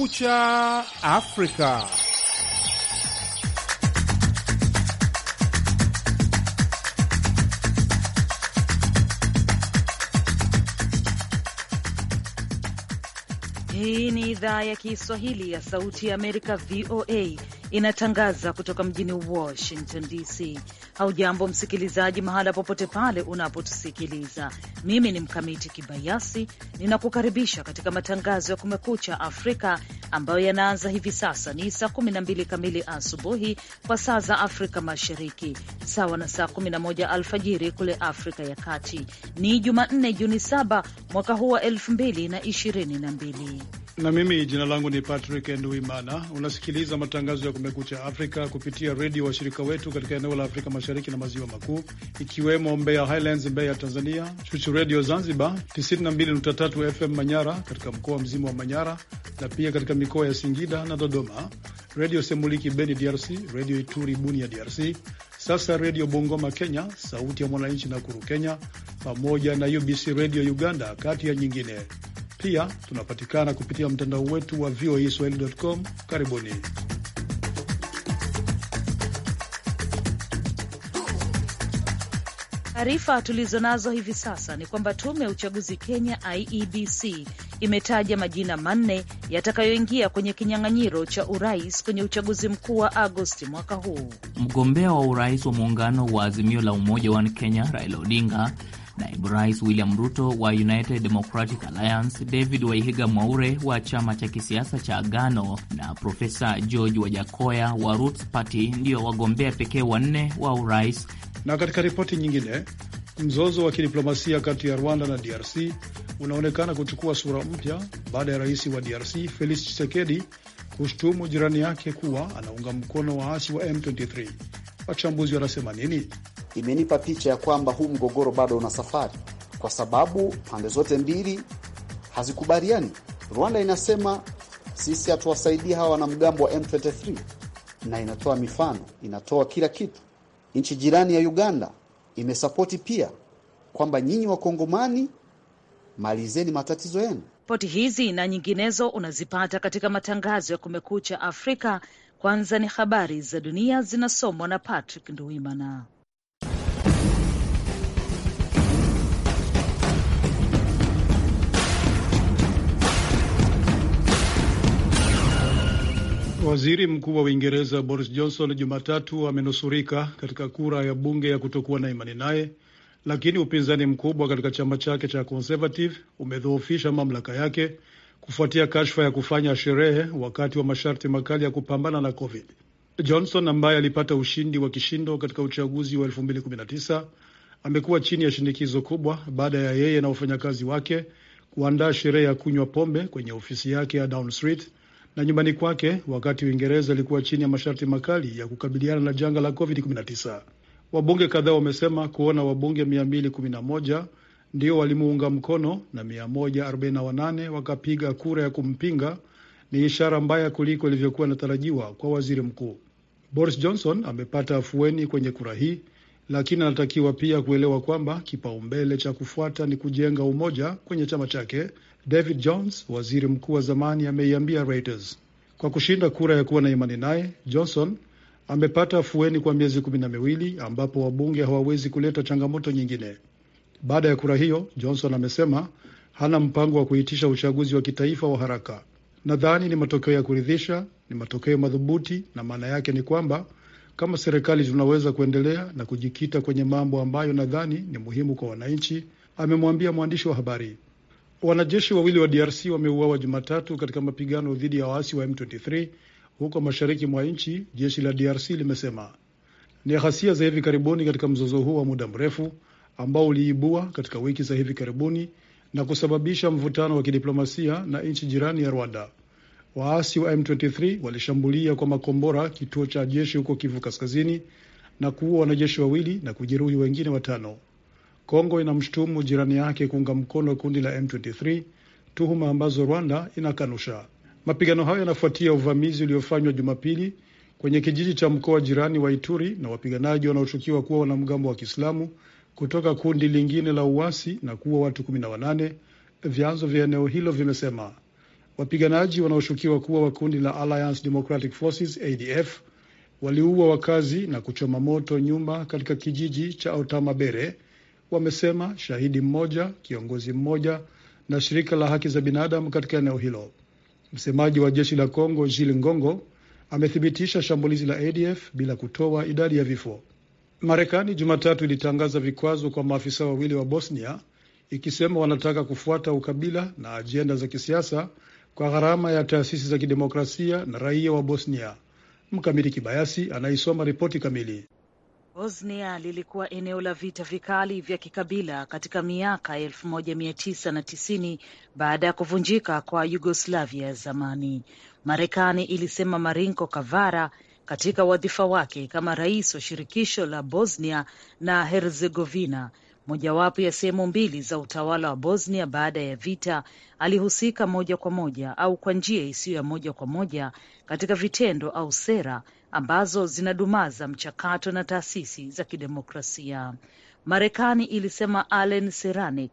Kumekucha Afrika. Hii ni idhaa ya Kiswahili ya Sauti ya Amerika, VOA, inatangaza kutoka mjini Washington DC. Haujambo msikilizaji, mahala popote pale unapotusikiliza. Mimi ni Mkamiti Kibayasi, ninakukaribisha katika matangazo ya Kumekucha Afrika ambayo yanaanza hivi sasa. Ni saa 12 kamili asubuhi kwa saa za Afrika Mashariki, sawa na saa 11 alfajiri kule Afrika ya Kati. Ni Jumanne, Juni 7 mwaka huu wa 2022 na mimi jina langu ni Patrick Nduimana. Unasikiliza matangazo ya Kumekucha Afrika kupitia redio washirika wetu katika eneo la Afrika Mashariki na Maziwa Makuu, ikiwemo Mbeya Highlands Mbeya ya Tanzania, Chuchu Redio Zanzibar 923 FM Manyara katika mkoa mzima wa Manyara na pia katika mikoa ya Singida na Dodoma, Redio Semuliki Beni DRC, Redio Ituri Bunia DRC, sasa Redio Bungoma Kenya, Sauti ya Mwananchi Nakuru Kenya, pamoja na UBC Redio Uganda, kati ya nyingine. Pia tunapatikana kupitia mtandao wetu wa voaswahili.com. Karibuni. Taarifa tulizo nazo hivi sasa ni kwamba tume ya uchaguzi Kenya, IEBC, imetaja majina manne yatakayoingia kwenye kinyang'anyiro cha urais kwenye uchaguzi mkuu wa Agosti mwaka huu. Mgombea wa urais wa muungano wa Azimio la Umoja wa Kenya Raila Odinga naibu rais William Ruto wa United Democratic Alliance, David Waihiga Mwaure wa chama cha kisiasa cha Agano na Profesa George Wajakoya wa Roots Party ndiyo wagombea pekee wanne wa urais. Na katika ripoti nyingine, mzozo wa kidiplomasia kati ya Rwanda na DRC unaonekana kuchukua sura mpya baada ya rais wa DRC Felix Tshisekedi kushtumu jirani yake kuwa anaunga mkono waasi wa M23. Wachambuzi wanasema nini? imenipa picha ya kwamba huu mgogoro bado una safari, kwa sababu pande zote mbili hazikubaliani. Rwanda inasema sisi hatuwasaidii hawa wanamgambo wa M23 na inatoa mifano, inatoa kila kitu. Nchi jirani ya Uganda imesapoti pia kwamba nyinyi Wakongomani malizeni matatizo yenu. Ripoti hizi na nyinginezo unazipata katika matangazo ya Kumekucha Afrika. Kwanza ni habari za dunia zinasomwa na Patrick nduimana Waziri Mkuu wa Uingereza Boris Johnson Jumatatu amenusurika katika kura ya bunge ya kutokuwa na imani naye, lakini upinzani mkubwa katika chama chake cha Conservative umedhoofisha mamlaka yake kufuatia kashfa ya kufanya sherehe wakati wa masharti makali ya kupambana na COVID. Johnson ambaye alipata ushindi wa kishindo katika uchaguzi wa 2019 amekuwa chini ya shinikizo kubwa baada ya yeye na wafanyakazi wake kuandaa sherehe ya kunywa pombe kwenye ofisi yake ya Down Street na nyumbani kwake wakati Uingereza ilikuwa chini ya masharti makali ya kukabiliana na janga la COVID-19. Wabunge kadhaa wamesema kuona wabunge 211 ndio walimuunga mkono na 148 wakapiga kura ya kumpinga ni ishara mbaya kuliko ilivyokuwa inatarajiwa kwa waziri mkuu. Boris Johnson amepata afueni kwenye kura hii lakini anatakiwa pia kuelewa kwamba kipaumbele cha kufuata ni kujenga umoja kwenye chama chake, David Jones, waziri mkuu wa zamani, ameiambia Reuters. Kwa kushinda kura ya kuwa na imani naye, Johnson amepata afueni kwa miezi kumi na miwili ambapo wabunge hawawezi kuleta changamoto nyingine. Baada ya kura hiyo, Johnson amesema hana mpango wa kuitisha uchaguzi wa kitaifa wa haraka. Nadhani ni matokeo ya kuridhisha, ni matokeo madhubuti, na maana yake ni kwamba kama serikali tunaweza kuendelea na kujikita kwenye mambo ambayo nadhani ni muhimu kwa wananchi, amemwambia mwandishi wa habari. Wanajeshi wawili wa DRC wameuawa Jumatatu katika mapigano dhidi ya waasi wa M23 huko mashariki mwa nchi, jeshi la DRC limesema. Ni ghasia za hivi karibuni katika mzozo huo wa muda mrefu ambao uliibua katika wiki za hivi karibuni na kusababisha mvutano wa kidiplomasia na nchi jirani ya Rwanda. Waasi wa M23 walishambulia kwa makombora kituo cha jeshi huko Kivu Kaskazini na kuua wanajeshi wawili na kujeruhi wengine watano. Kongo inamshutumu jirani yake kuunga mkono kundi la M23, tuhuma ambazo Rwanda inakanusha. Mapigano hayo yanafuatia uvamizi uliofanywa Jumapili kwenye kijiji cha mkoa jirani wa Ituri na wapiganaji wanaoshukiwa kuwa wanamgambo wa Kiislamu kutoka kundi lingine la uasi na kuua watu 18, vyanzo vya eneo hilo vimesema. Wapiganaji wanaoshukiwa kuwa wa kundi la Alliance Democratic Forces ADF waliua wakazi na kuchoma moto nyumba katika kijiji cha Otamabere, wamesema shahidi mmoja, kiongozi mmoja na shirika la haki za binadamu katika eneo hilo. Msemaji wa jeshi la congo Jil Ngongo amethibitisha shambulizi la ADF bila kutoa idadi ya vifo. Marekani Jumatatu ilitangaza vikwazo kwa maafisa wawili wa Bosnia ikisema wanataka kufuata ukabila na ajenda za kisiasa kwa gharama ya taasisi za kidemokrasia na raia wa Bosnia. Mkamiti Kibayasi anaisoma ripoti kamili. Bosnia lilikuwa eneo la vita vikali vya kikabila katika miaka elfu moja mia tisa na tisini baada ya kuvunjika kwa Yugoslavia ya zamani. Marekani ilisema Marinko Kavara katika wadhifa wake kama rais wa shirikisho la Bosnia na Herzegovina mojawapo ya sehemu mbili za utawala wa Bosnia baada ya vita, alihusika moja kwa moja au kwa njia isiyo ya moja kwa moja katika vitendo au sera ambazo zinadumaza mchakato na taasisi za kidemokrasia. Marekani ilisema Alen Seranik,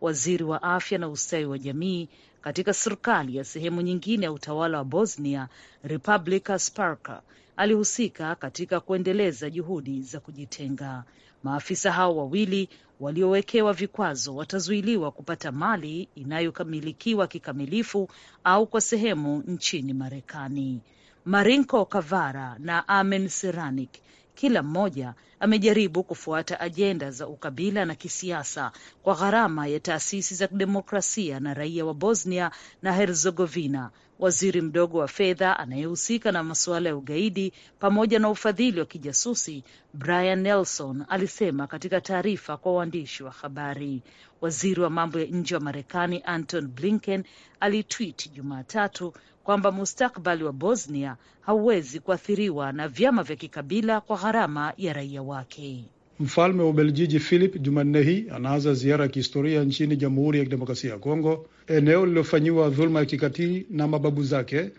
waziri wa afya na ustawi wa jamii katika serikali ya sehemu nyingine ya utawala wa Bosnia, Republika Srpska, alihusika katika kuendeleza juhudi za kujitenga. Maafisa hao wawili waliowekewa vikwazo watazuiliwa kupata mali inayokamilikiwa kikamilifu au kwa sehemu nchini Marekani. Marinko Kavara na Amen Seranik kila mmoja amejaribu kufuata ajenda za ukabila na kisiasa kwa gharama ya taasisi za demokrasia na raia wa Bosnia na Herzegovina waziri mdogo wa fedha anayehusika na masuala ya ugaidi pamoja na ufadhili wa kijasusi Brian Nelson alisema katika taarifa kwa waandishi wa habari. Waziri wa mambo ya nje wa Marekani Anton Blinken alitwit Jumatatu kwamba mustakbali wa Bosnia hauwezi kuathiriwa na vyama vya kikabila kwa gharama ya raia wake. Mfalme wa Ubeljiji Philip Jumanne hii anaanza ziara ya kihistoria nchini Jamhuri ya Kidemokrasia ya Kongo, eneo lililofanyiwa dhuluma ya kikatili na mababu zake,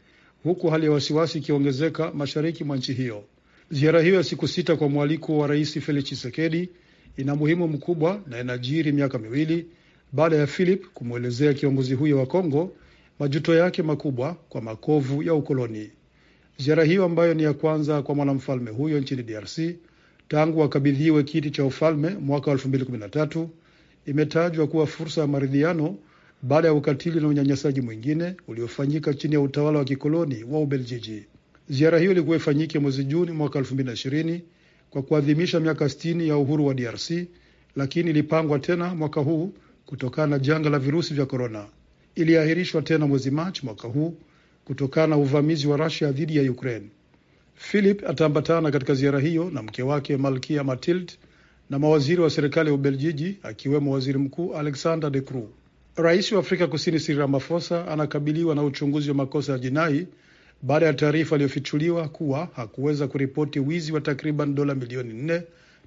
huku hali ya wasiwasi ikiongezeka mashariki mwa nchi hiyo. Ziara hiyo ya siku sita kwa mwaliko wa Rais Felix Tshisekedi ina muhimu mkubwa na inajiri miaka miwili baada ya Philip kumwelezea kiongozi huyo wa Kongo majuto yake makubwa kwa makovu ya ukoloni. Ziara hiyo ambayo ni ya kwanza kwa mwanamfalme huyo nchini DRC tangu wakabidhiwe kiti cha ufalme mwaka 2013 imetajwa kuwa fursa ya maridhiano baada ya ukatili na unyanyasaji mwingine uliofanyika chini ya utawala wa kikoloni wa Ubeljiji. Ziara hiyo ilikuwa ifanyike mwezi Juni mwaka 2020 kwa kuadhimisha miaka 60 ya uhuru wa DRC, lakini ilipangwa tena mwaka huu kutokana na janga la virusi vya korona. Iliahirishwa tena mwezi Machi mwaka huu kutokana na uvamizi wa rasia dhidi ya Ukraine. Philip ataambatana katika ziara hiyo na mke wake Malkia Matilde na mawaziri wa serikali ya ubeljiji akiwemo waziri mkuu Alexander De Croo. Rais wa Afrika Kusini Cyril Ramaphosa anakabiliwa na uchunguzi wa makosa ya jinai baada ya taarifa aliyofichuliwa kuwa hakuweza kuripoti wizi wa takriban dola milioni nne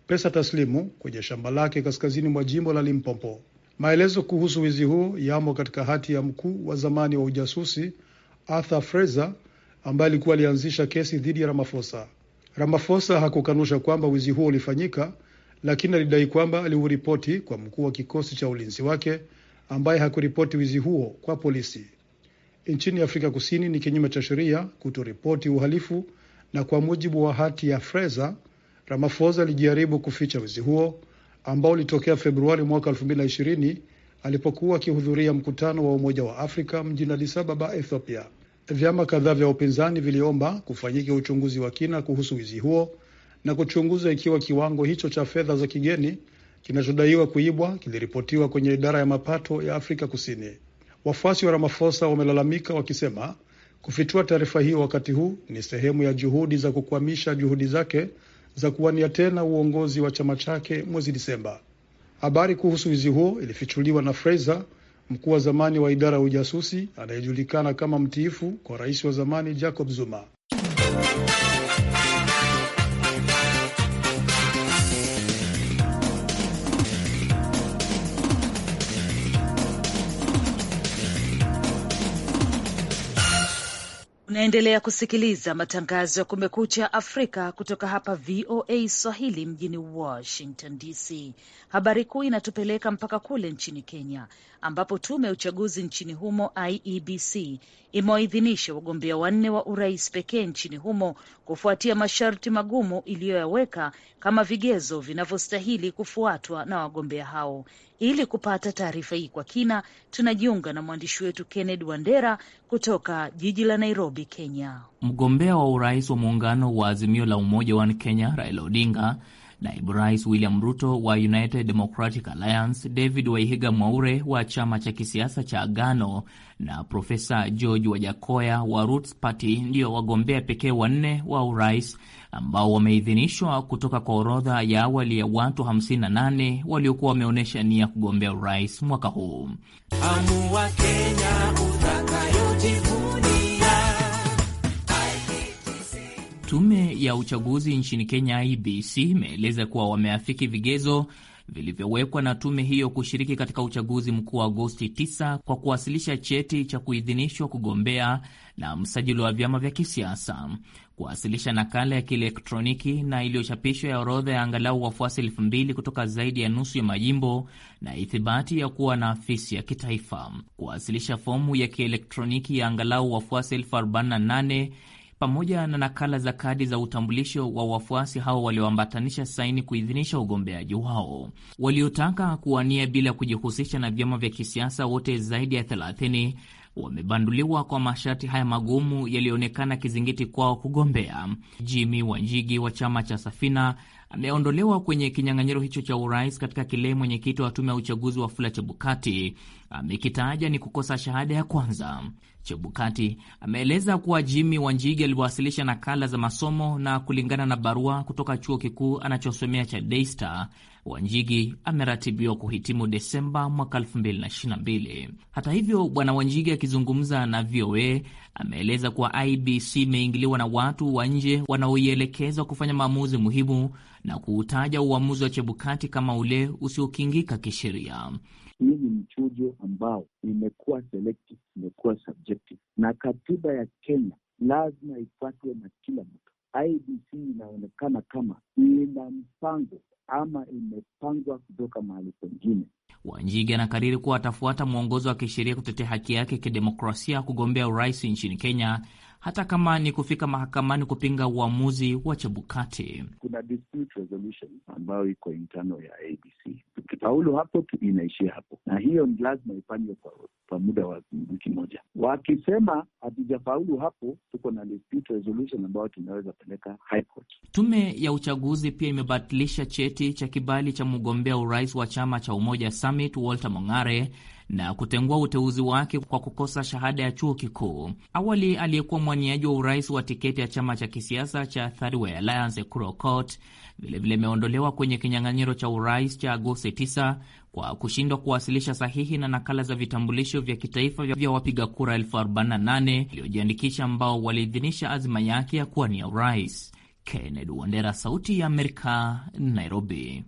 pesa taslimu kwenye shamba lake kaskazini mwa jimbo la Limpopo. Maelezo kuhusu wizi huo yamo katika hati ya mkuu wa zamani wa ujasusi Arthur Fraser ambaye alikuwa alianzisha kesi dhidi ya Ramafosa. ramafosa hakukanusha kwamba wizi huo ulifanyika, lakini alidai kwamba aliuripoti kwa mkuu wa kikosi cha ulinzi wake ambaye hakuripoti wizi huo kwa polisi. Nchini Afrika Kusini ni kinyume cha sheria kutoripoti uhalifu, na kwa mujibu wa hati ya Fraser, Ramafosa alijaribu kuficha wizi huo ambao ulitokea Februari mwaka 2020 alipokuwa akihudhuria mkutano wa Umoja wa Afrika mjini Addis Ababa, Ethiopia. Vyama kadhaa vya upinzani viliomba kufanyike uchunguzi wa kina kuhusu wizi huo na kuchunguza ikiwa kiwango hicho cha fedha za kigeni kinachodaiwa kuibwa kiliripotiwa kwenye idara ya mapato ya Afrika Kusini. Wafuasi wa ramafosa wamelalamika wakisema kufitua taarifa hiyo wakati huu ni sehemu ya juhudi za kukwamisha juhudi zake za kuwania tena uongozi wa chama chake mwezi Disemba. Habari kuhusu wizi huo ilifichuliwa na Fraser mkuu wa zamani wa idara ya ujasusi anayejulikana kama mtiifu kwa rais wa zamani Jacob Zuma. Unaendelea kusikiliza matangazo ya Kumekucha Afrika kutoka hapa VOA Swahili mjini Washington DC. Habari kuu inatupeleka mpaka kule nchini Kenya, ambapo tume ya uchaguzi nchini humo IEBC imewaidhinisha wagombea wanne wa urais pekee nchini humo kufuatia masharti magumu iliyoyaweka kama vigezo vinavyostahili kufuatwa na wagombea hao. Ili kupata taarifa hii kwa kina, tunajiunga na mwandishi wetu kenned Wandera kutoka jiji la Nairobi, Kenya. Mgombea wa urais wa muungano wa Azimio la Umoja wa Kenya Raila Odinga, naibu rais William Ruto wa United Democratic Alliance, David Waihiga Mwaure wa chama cha kisiasa cha Agano na Profesa George Wajakoya wa Roots Party ndiyo wagombea pekee wanne wa urais ambao wameidhinishwa kutoka kwa orodha ya awali ya watu 58 waliokuwa wameonyesha nia kugombea urais mwaka huu. Tume ya uchaguzi nchini Kenya IBC imeeleza kuwa wameafiki vigezo vilivyowekwa na tume hiyo kushiriki katika uchaguzi mkuu wa Agosti 9 kwa kuwasilisha cheti cha kuidhinishwa kugombea na msajili wa vyama vya kisiasa kuwasilisha nakala ya kielektroniki na iliyochapishwa ya orodha ya angalau wafuasi elfu mbili kutoka zaidi ya nusu ya majimbo na ithibati ya kuwa na afisi ya kitaifa, kuwasilisha fomu ya kielektroniki ya angalau wafuasi elfu arobaini na nane pamoja na nakala za kadi za utambulisho wa wafuasi hao walioambatanisha saini kuidhinisha ugombeaji wao. Waliotaka kuwania bila kujihusisha na vyama vya kisiasa wote zaidi ya thelathini wamebanduliwa kwa masharti haya magumu yaliyoonekana kizingiti kwao kugombea. Jimmy Wanjigi wa chama cha Safina ameondolewa kwenye kinyang'anyiro hicho cha urais katika kile mwenyekiti wa tume ya uchaguzi fula Chebukati amekitaja ni kukosa shahada ya kwanza. Chebukati ameeleza kuwa jimi Wanjigi aliwasilisha nakala za masomo na kulingana na barua kutoka chuo kikuu anachosomea cha deista Wanjigi ameratibiwa kuhitimu Desemba mwaka 2022. Hata hivyo, bwana Wanjigi akizungumza na VOA ameeleza kuwa IBC imeingiliwa na watu wa nje wanaoielekeza kufanya maamuzi muhimu na kuutaja uamuzi wa Chebukati kama ule usiokingika kisheria. Hii ni mchujo ambao imekuwa selective, imekuwa subjective, na katiba ya Kenya lazima ifuatwe na kila mtu. IBC inaonekana kama ina mpango ama imepangwa kutoka mahali pengine. Wanjigi anakariri kuwa atafuata mwongozo wa kisheria kutetea haki yake kidemokrasia kugombea urais nchini Kenya hata kama ni kufika mahakamani kupinga uamuzi wa Chebukati. Kuna dispute resolution ambayo iko intano ya ABC. Tukifaulu hapo, inaishia hapo, na hiyo ni lazima ifanywe kwa, kwa muda wa wiki moja. Wakisema hatujafaulu hapo, tuko na dispute resolution ambayo tunaweza peleka high court. Tume ya uchaguzi pia imebatilisha cheti cha kibali cha mgombea urais wa chama cha Umoja Summit Walter Mong'are na kutengua uteuzi wake kwa kukosa shahada ya chuo kikuu. Awali aliyekuwa mwaniaji wa urais wa tiketi ya chama cha kisiasa cha Third Way Alliance Ekuro vilevile imeondolewa kwenye kinyang'anyiro cha urais cha Agosti 9 kwa kushindwa kuwasilisha sahihi na nakala za vitambulisho vya kitaifa vya wapiga kura 48 iliyojiandikisha ambao waliidhinisha azima yake ya ya urais. Kennedy Wandera, Sauti ya Amerika, Nairobi.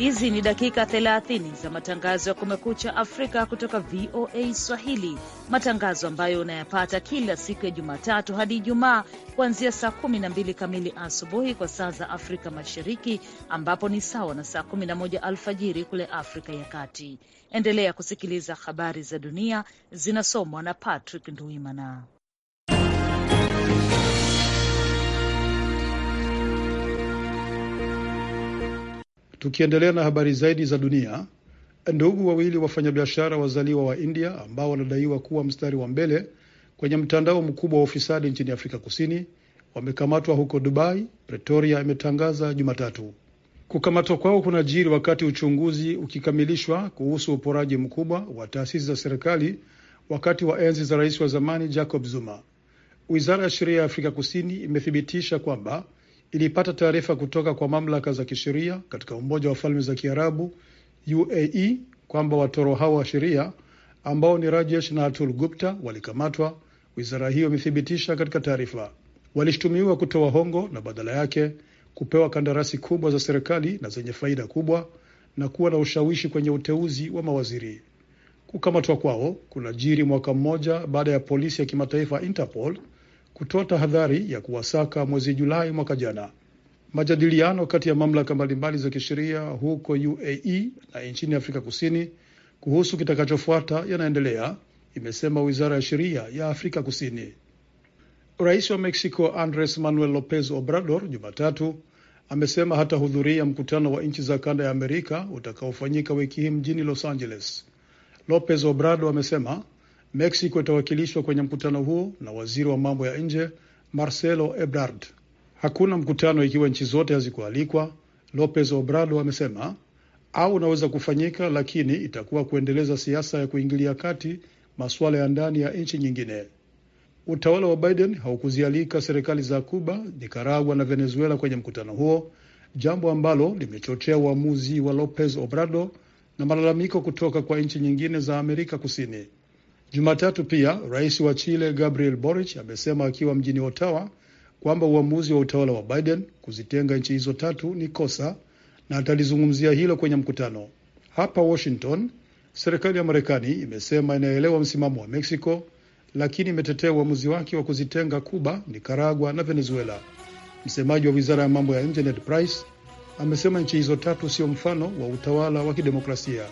Hizi ni dakika 30 za matangazo ya Kumekucha Afrika kutoka VOA Swahili, matangazo ambayo unayapata kila siku ya Jumatatu hadi Ijumaa kuanzia saa 12 kamili asubuhi kwa saa za Afrika Mashariki, ambapo ni sawa na saa 11 alfajiri kule Afrika ya Kati. Endelea kusikiliza habari za dunia zinasomwa na Patrick Nduimana. Tukiendelea na habari zaidi za dunia, ndugu wawili wafanyabiashara wazaliwa wa India ambao wanadaiwa kuwa mstari wa mbele kwenye mtandao mkubwa wa ufisadi nchini Afrika Kusini wamekamatwa huko Dubai, Pretoria imetangaza Jumatatu. Kukamatwa kwao kunajiri wakati uchunguzi ukikamilishwa kuhusu uporaji mkubwa wa taasisi za serikali wakati wa enzi za rais wa zamani Jacob Zuma. Wizara ya sheria ya Afrika Kusini imethibitisha kwamba ilipata taarifa kutoka kwa mamlaka za kisheria katika Umoja wa Falme za Kiarabu UAE kwamba watoro hao wa sheria ambao ni Rajesh na Atul Gupta walikamatwa. Wizara hiyo imethibitisha katika taarifa, walishutumiwa kutoa hongo na badala yake kupewa kandarasi kubwa za serikali na zenye faida kubwa na kuwa na ushawishi kwenye uteuzi wa mawaziri. Kukamatwa kwao kunajiri mwaka mmoja baada ya polisi ya kimataifa Interpol kutoa tahadhari ya kuwasaka mwezi Julai mwaka jana. Majadiliano kati ya mamlaka mbalimbali za kisheria huko UAE na nchini Afrika Kusini kuhusu kitakachofuata yanaendelea, imesema wizara ya sheria ya Afrika Kusini. Rais wa Mexico Andres Manuel Lopez Obrador Jumatatu amesema hatahudhuria mkutano wa nchi za kanda ya Amerika utakaofanyika wiki hii mjini Los Angeles. Lopez Obrador amesema Mexico itawakilishwa kwenye mkutano huo na waziri wa mambo ya nje Marcelo Ebrard. Hakuna mkutano ikiwa nchi zote hazikualikwa, Lopez obrado amesema, au unaweza kufanyika, lakini itakuwa kuendeleza siasa ya kuingilia kati masuala ya ndani ya nchi nyingine. Utawala wa Biden haukuzialika serikali za Cuba, Nicaragua na Venezuela kwenye mkutano huo, jambo ambalo limechochea uamuzi wa Lopez obrado na malalamiko kutoka kwa nchi nyingine za Amerika Kusini. Jumatatu pia rais wa Chile Gabriel Boric amesema akiwa mjini Ottawa kwamba uamuzi wa utawala wa Biden kuzitenga nchi hizo tatu ni kosa na atalizungumzia hilo kwenye mkutano hapa Washington. Serikali ya Marekani imesema inaelewa msimamo wa Mexico, lakini imetetea uamuzi wake wa kuzitenga Cuba, Nicaragua na Venezuela. Msemaji wa wizara ya mambo ya nje Ned Price amesema nchi hizo tatu sio mfano wa utawala wa kidemokrasia.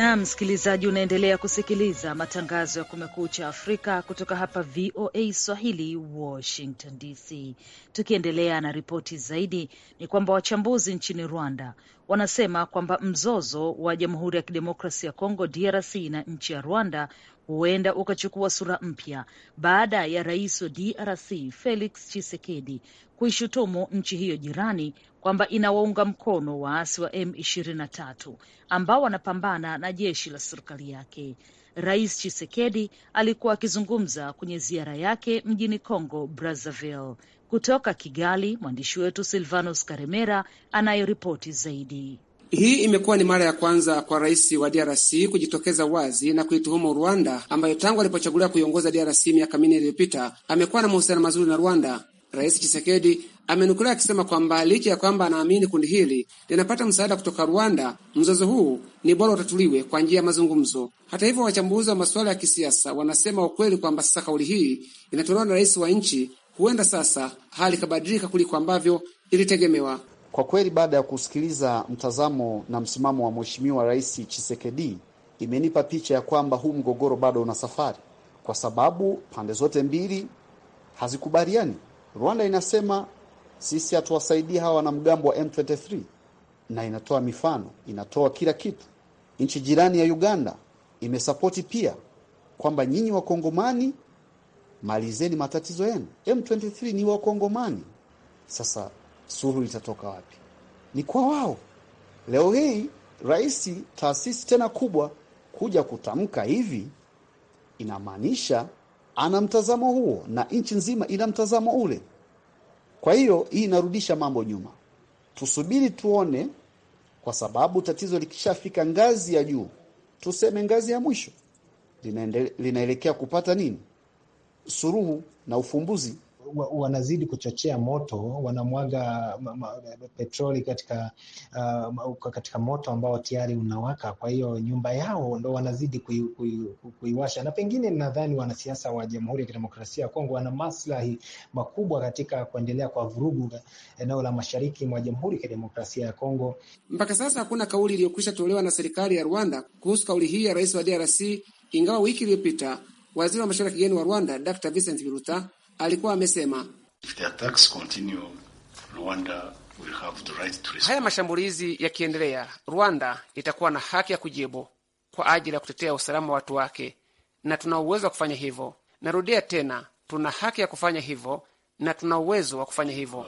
na msikilizaji, unaendelea kusikiliza matangazo ya Kumekucha Afrika kutoka hapa VOA Swahili, Washington DC. Tukiendelea na ripoti zaidi, ni kwamba wachambuzi nchini Rwanda wanasema kwamba mzozo wa Jamhuri ya Kidemokrasi ya Kongo DRC na nchi ya Rwanda huenda ukachukua sura mpya baada ya rais wa DRC Felix Tshisekedi kuishutumu nchi hiyo jirani kwamba inawaunga mkono waasi wa M23 ambao wanapambana na jeshi la serikali yake. Rais Tshisekedi alikuwa akizungumza kwenye ziara yake mjini Congo Brazzaville. Kutoka Kigali, mwandishi wetu silvanos Karemera anayeripoti zaidi. Hii imekuwa ni mara ya kwanza kwa rais wa DRC kujitokeza wazi na kuituhumu Rwanda, ambayo tangu alipochaguliwa kuiongoza DRC miaka minne iliyopita amekuwa na mahusiano mazuri na Rwanda. Rais Chisekedi amenukuliwa akisema kwamba licha ya kwamba anaamini kundi hili linapata msaada kutoka Rwanda, mzozo huu ni bora utatuliwe kwa njia ya mazungumzo. Hata hivyo, wachambuzi wa masuala ya kisiasa wanasema ukweli kwamba sasa kauli hii inatolewa na rais wa nchi, huenda sasa hali ikabadilika kuliko ambavyo ilitegemewa. Kwa kweli baada ya kusikiliza mtazamo na msimamo wa Mheshimiwa Rais chisekedi imenipa picha ya kwamba huu mgogoro bado una safari, kwa sababu pande zote mbili hazikubaliani. Rwanda inasema sisi hatuwasaidii hawa wanamgambo wa M23 na inatoa mifano, inatoa kila kitu. Nchi jirani ya Uganda imesapoti pia kwamba nyinyi Wakongomani malizeni matatizo yenu, M23 ni Wakongomani. Sasa suluhu litatoka wapi? Ni kwa wao. Leo hii rais, taasisi tena kubwa, kuja kutamka hivi, inamaanisha ana mtazamo huo na nchi nzima ina mtazamo ule. Kwa hiyo hii inarudisha mambo nyuma, tusubiri tuone, kwa sababu tatizo likishafika ngazi ya juu, tuseme ngazi ya mwisho, linaelekea kupata nini, suruhu na ufumbuzi wanazidi kuchochea moto, wanamwaga petroli katika, uh, katika moto ambao tayari unawaka. Kwa hiyo nyumba yao ndo wanazidi kuiwasha kui, kui, na pengine nadhani wanasiasa wa Jamhuri ya Kidemokrasia ya Kongo wana maslahi makubwa katika kuendelea kwa vurugu eneo la mashariki mwa Jamhuri ya Kidemokrasia ya Kongo. Mpaka sasa hakuna kauli iliyokwisha tolewa na serikali ya Rwanda kuhusu kauli hii ya rais wa DRC, ingawa wiki iliyopita waziri wa mashauri ya kigeni wa Rwanda Dr. Vincent Biruta alikuwa amesema haya mashambulizi yakiendelea, Rwanda itakuwa na haki ya kujibu kwa ajili ya kutetea usalama wa watu wake, na tuna uwezo wa kufanya hivyo. Narudia tena, tuna haki ya kufanya hivyo na tuna uwezo wa kufanya hivyo.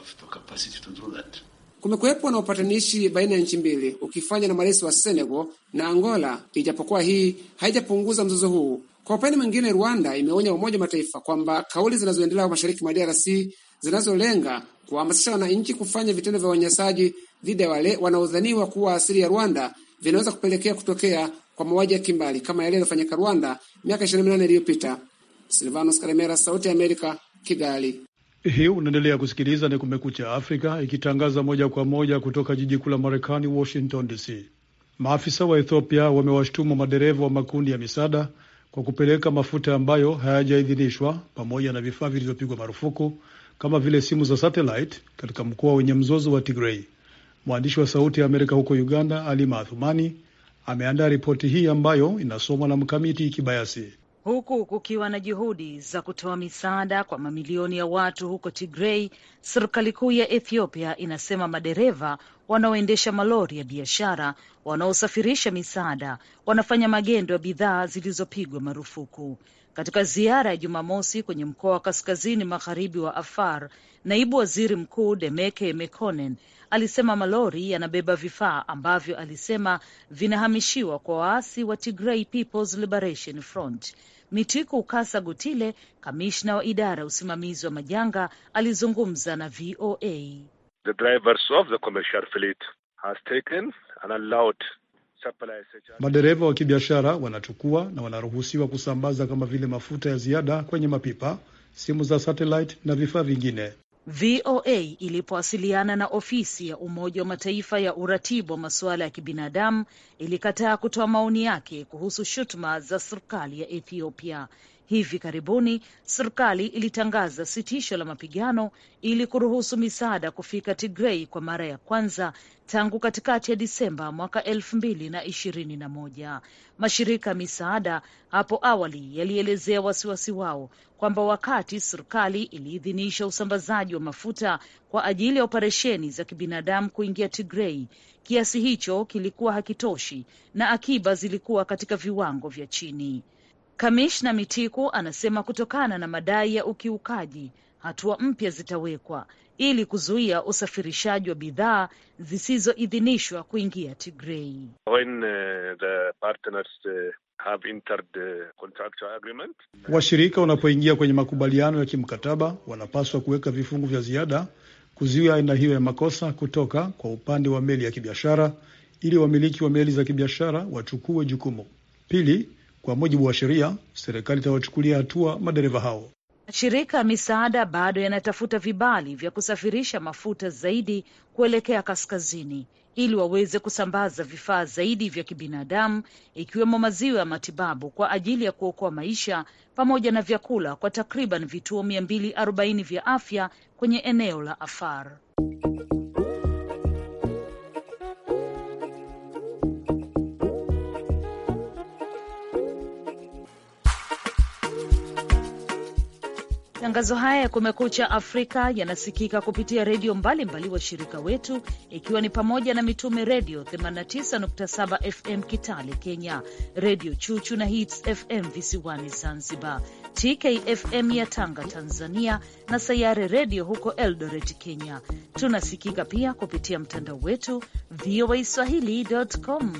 Kumekuwepo na upatanishi baina ya nchi mbili ukifanywa na marais wa Senegal na Angola, ijapokuwa hii haijapunguza mzozo huu kwa upande mwingine, Rwanda imeonya Umoja wa Mataifa kwamba kauli zinazoendelea mashariki mwa DRC zinazolenga kuhamasisha wananchi kufanya vitendo vya unyanyasaji dhidi ya wale wanaodhaniwa kuwa asili ya Rwanda vinaweza kupelekea kutokea kwa mauaji ya kimbali kama yale yaliyofanyika Rwanda miaka 28 iliyopita. Silvanos Karemera, Sauti ya Amerika, Kigali. Hii unaendelea kusikiliza ni Kumekucha Afrika ikitangaza moja kwa moja kutoka jiji kuu la Marekani, Washington DC. Maafisa wa Ethiopia wamewashtumu madereva wa makundi ya misaada kwa kupeleka mafuta ambayo hayajaidhinishwa pamoja na vifaa vilivyopigwa marufuku kama vile simu za satellite katika mkoa wenye mzozo wa Tigray. Mwandishi wa Sauti ya Amerika huko Uganda, Ali Maathumani, ameandaa ripoti hii ambayo inasomwa na Mkamiti Kibayasi huku kukiwa na juhudi za kutoa misaada kwa mamilioni ya watu huko Tigrei. Serikali kuu ya Ethiopia inasema madereva wanaoendesha malori ya biashara wanaosafirisha misaada wanafanya magendo ya bidhaa zilizopigwa marufuku. Katika ziara ya Jumamosi kwenye mkoa wa kaskazini magharibi wa Afar, naibu waziri mkuu Demeke Mekonnen alisema malori yanabeba vifaa ambavyo alisema vinahamishiwa kwa waasi wa Tigray People's Liberation Front. Mitiku Ukasa Gutile, kamishna wa idara ya usimamizi wa majanga, alizungumza na VOA. The drivers of the commercial fleet has taken allowed Madereva wa kibiashara wanachukua na wanaruhusiwa kusambaza kama vile mafuta ya ziada kwenye mapipa, simu za satellite na vifaa vingine. VOA ilipowasiliana na ofisi ya Umoja wa Mataifa ya uratibu wa masuala ya kibinadamu ilikataa kutoa maoni yake kuhusu shutuma za serikali ya Ethiopia Hivi karibuni serikali ilitangaza sitisho la mapigano ili kuruhusu misaada kufika Tigrei kwa mara ya kwanza tangu katikati ya Disemba mwaka elfu mbili na ishirini na moja. Mashirika ya misaada hapo awali yalielezea wasiwasi wao kwamba wakati serikali iliidhinisha usambazaji wa mafuta kwa ajili ya operesheni za kibinadamu kuingia Tigrei, kiasi hicho kilikuwa hakitoshi na akiba zilikuwa katika viwango vya chini. Kamishna Mitiku anasema kutokana na madai ya ukiukaji, hatua mpya zitawekwa ili kuzuia usafirishaji wa bidhaa zisizoidhinishwa kuingia Tigrei. Uh, uh, Washirika wanapoingia kwenye makubaliano ya kimkataba, wanapaswa kuweka vifungu vya ziada kuzuia aina hiyo ya makosa kutoka kwa upande wa meli ya kibiashara, ili wamiliki wa meli za kibiashara wachukue jukumu. Pili, kwa mujibu wa sheria, serikali itawachukulia hatua madereva hao. Mashirika ya misaada bado yanatafuta vibali vya kusafirisha mafuta zaidi kuelekea kaskazini ili waweze kusambaza vifaa zaidi vya kibinadamu ikiwemo maziwa ya matibabu kwa ajili ya kuokoa maisha pamoja na vyakula kwa takriban vituo 240 vya afya kwenye eneo la Afar. Matangazo haya ya Kumekucha Afrika yanasikika kupitia redio mbalimbali wa shirika wetu, ikiwa ni pamoja na Mitume Redio 89.7 FM Kitale Kenya, Redio Chuchu na Hits FM visiwani Zanzibar, TKFM ya Tanga Tanzania, na Sayare Redio huko Eldoret Kenya. Tunasikika pia kupitia mtandao wetu voa swahili.com.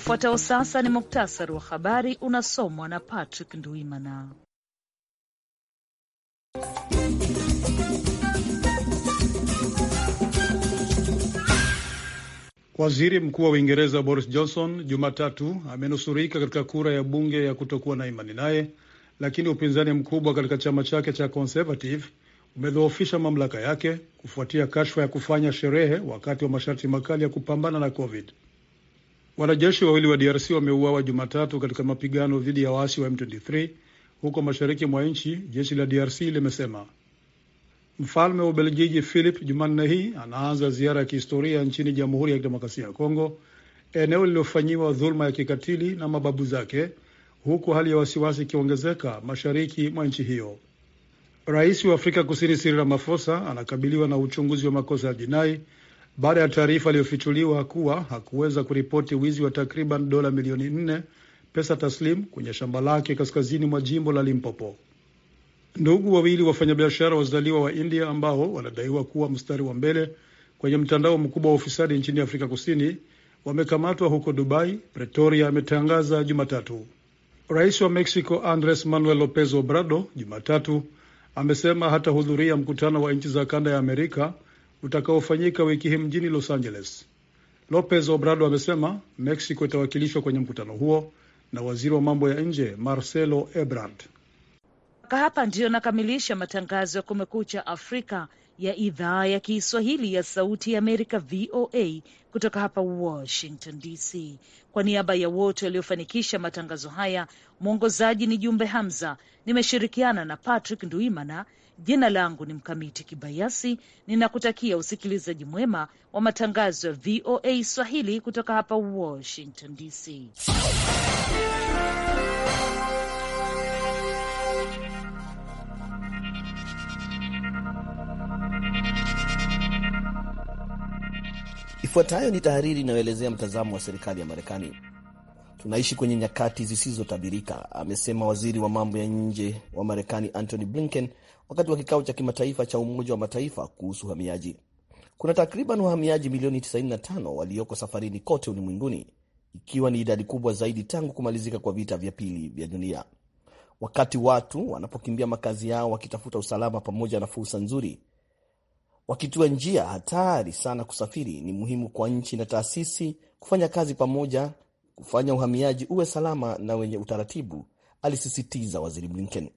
Ufuatao sasa ni muktasari wa habari unasomwa na Patrick Nduimana. Waziri Mkuu wa Uingereza Boris Johnson Jumatatu amenusurika katika kura ya bunge ya kutokuwa na imani naye, lakini upinzani mkubwa katika chama chake cha Conservative umedhoofisha mamlaka yake kufuatia kashfa ya kufanya sherehe wakati wa masharti makali ya kupambana na COVID. Wanajeshi wawili wa DRC wameuawa Jumatatu katika mapigano dhidi ya waasi wa M23 huko mashariki mwa nchi, jeshi la DRC limesema. Mfalme wa Ubelgiji Philip Jumanne hii anaanza ziara ya kihistoria nchini Jamhuri ya Kidemokrasia ya Kongo, eneo lililofanyiwa dhuluma ya kikatili na mababu zake, huku hali ya wasiwasi ikiongezeka mashariki mwa nchi hiyo. Rais wa Afrika Kusini Cyril Ramaphosa anakabiliwa na uchunguzi wa makosa ya jinai baada ya taarifa iliyofichuliwa kuwa hakuweza kuripoti wizi wa takriban dola milioni nne pesa taslim kwenye shamba lake kaskazini mwa jimbo la Limpopo. Ndugu wawili wafanyabiashara wazaliwa wa India ambao wanadaiwa kuwa mstari wa mbele kwenye mtandao mkubwa wa ufisadi nchini Afrika Kusini wamekamatwa huko Dubai, Pretoria ametangaza Jumatatu. Rais wa Mexico Andres Manuel Lopez Obrador Jumatatu amesema hatahudhuria mkutano wa nchi za kanda ya Amerika utakaofanyika wiki hii mjini Los Angeles. Lopez Obrador amesema Mexico itawakilishwa kwenye mkutano huo na waziri wa mambo ya nje Marcelo Ebrard. Mpaka hapa ndiyo nakamilisha matangazo ya Kumekucha Afrika ya idhaa ya Kiswahili ya Sauti ya Amerika, VOA, kutoka hapa Washington DC. Kwa niaba ya wote waliofanikisha matangazo haya, mwongozaji ni Jumbe Hamza, nimeshirikiana na Patrick Nduimana. Jina langu ni Mkamiti Kibayasi, ninakutakia usikilizaji mwema wa matangazo ya VOA Swahili kutoka hapa Washington DC. Ifuatayo ni tahariri inayoelezea mtazamo wa serikali ya Marekani. Tunaishi kwenye nyakati zisizotabirika, amesema waziri wa mambo ya nje wa Marekani Antony Blinken wakati wa kikao cha kimataifa cha Umoja wa Mataifa kuhusu uhamiaji. Kuna takriban wahamiaji milioni 95 walioko safarini kote ulimwenguni, ikiwa ni idadi kubwa zaidi tangu kumalizika kwa vita vya pili vya dunia. Wakati watu wanapokimbia makazi yao wakitafuta usalama pamoja na fursa nzuri, wakitua njia hatari sana kusafiri, ni muhimu kwa nchi na taasisi kufanya kazi pamoja kufanya uhamiaji uwe salama na wenye utaratibu, alisisitiza Waziri Blinken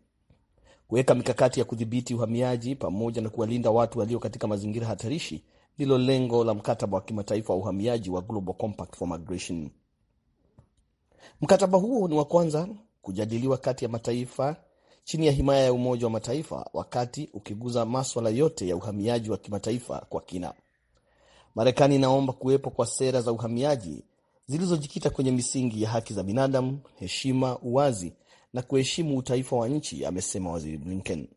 kuweka mikakati ya kudhibiti uhamiaji pamoja na kuwalinda watu walio katika mazingira hatarishi ndilo lengo la mkataba wa kimataifa wa uhamiaji wa Global Compact for Migration. Mkataba huo ni wa kwanza kujadiliwa kati ya mataifa chini ya himaya ya Umoja wa Mataifa, wakati ukiguza maswala yote ya uhamiaji wa kimataifa kwa kina. Marekani inaomba kuwepo kwa sera za uhamiaji zilizojikita kwenye misingi ya haki za binadamu, heshima, uwazi na kuheshimu utaifa wa nchi, amesema Waziri Blinken.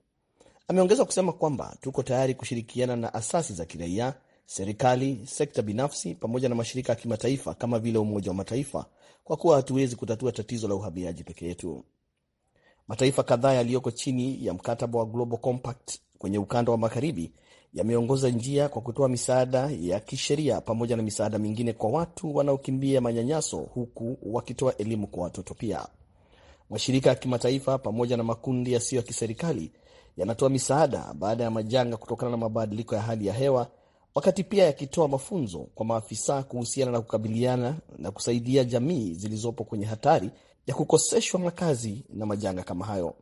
Ameongeza kusema kwamba tuko tayari kushirikiana na asasi za kiraia, serikali, sekta binafsi pamoja na mashirika ya kimataifa kama vile Umoja wa Mataifa, kwa kuwa hatuwezi kutatua tatizo la uhamiaji peke yetu. Mataifa kadhaa yaliyoko chini ya mkataba wa Global Compact kwenye ukanda wa magharibi yameongoza njia kwa kutoa misaada ya kisheria pamoja na misaada mingine kwa watu wanaokimbia manyanyaso, huku wakitoa elimu kwa watoto pia. Mashirika ya kimataifa pamoja na makundi yasiyo ya kiserikali yanatoa misaada baada ya majanga kutokana na mabadiliko ya hali ya hewa, wakati pia yakitoa mafunzo kwa maafisa kuhusiana na kukabiliana na kusaidia jamii zilizopo kwenye hatari ya kukoseshwa makazi na majanga kama hayo.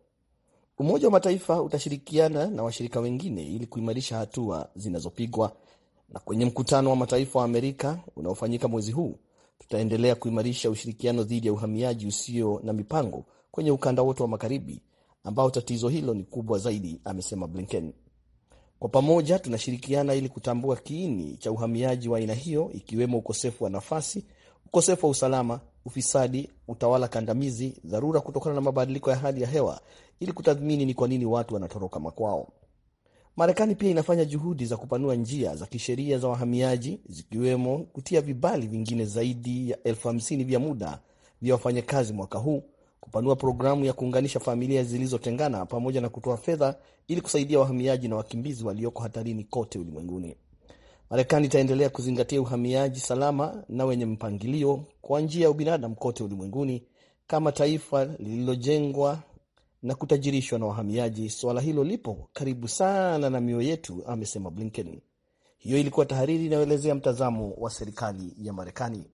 Umoja wa Mataifa utashirikiana na washirika wengine ili kuimarisha hatua zinazopigwa. Na kwenye mkutano wa mataifa wa Amerika unaofanyika mwezi huu, Tutaendelea kuimarisha ushirikiano dhidi ya uhamiaji usio na mipango kwenye ukanda wote wa Magharibi, ambao tatizo hilo ni kubwa zaidi, amesema Blinken. Kwa pamoja tunashirikiana ili kutambua kiini cha uhamiaji wa aina hiyo, ikiwemo ukosefu wa nafasi, ukosefu wa usalama, ufisadi, utawala kandamizi, dharura kutokana na mabadiliko ya hali ya hewa, ili kutathmini ni kwa nini watu wanatoroka makwao. Marekani pia inafanya juhudi za kupanua njia za kisheria za wahamiaji, zikiwemo kutia vibali vingine zaidi ya elfu hamsini vya muda vya wafanyakazi mwaka huu, kupanua programu ya kuunganisha familia zilizotengana, pamoja na kutoa fedha ili kusaidia wahamiaji na wakimbizi walioko hatarini kote ulimwenguni. Marekani itaendelea kuzingatia uhamiaji salama na wenye mpangilio kwa njia ya ubinadamu kote ulimwenguni kama taifa lililojengwa na kutajirishwa na wahamiaji. Suala hilo lipo karibu sana na mioyo yetu, amesema Blinken. Hiyo ilikuwa tahariri inayoelezea mtazamo wa serikali ya Marekani.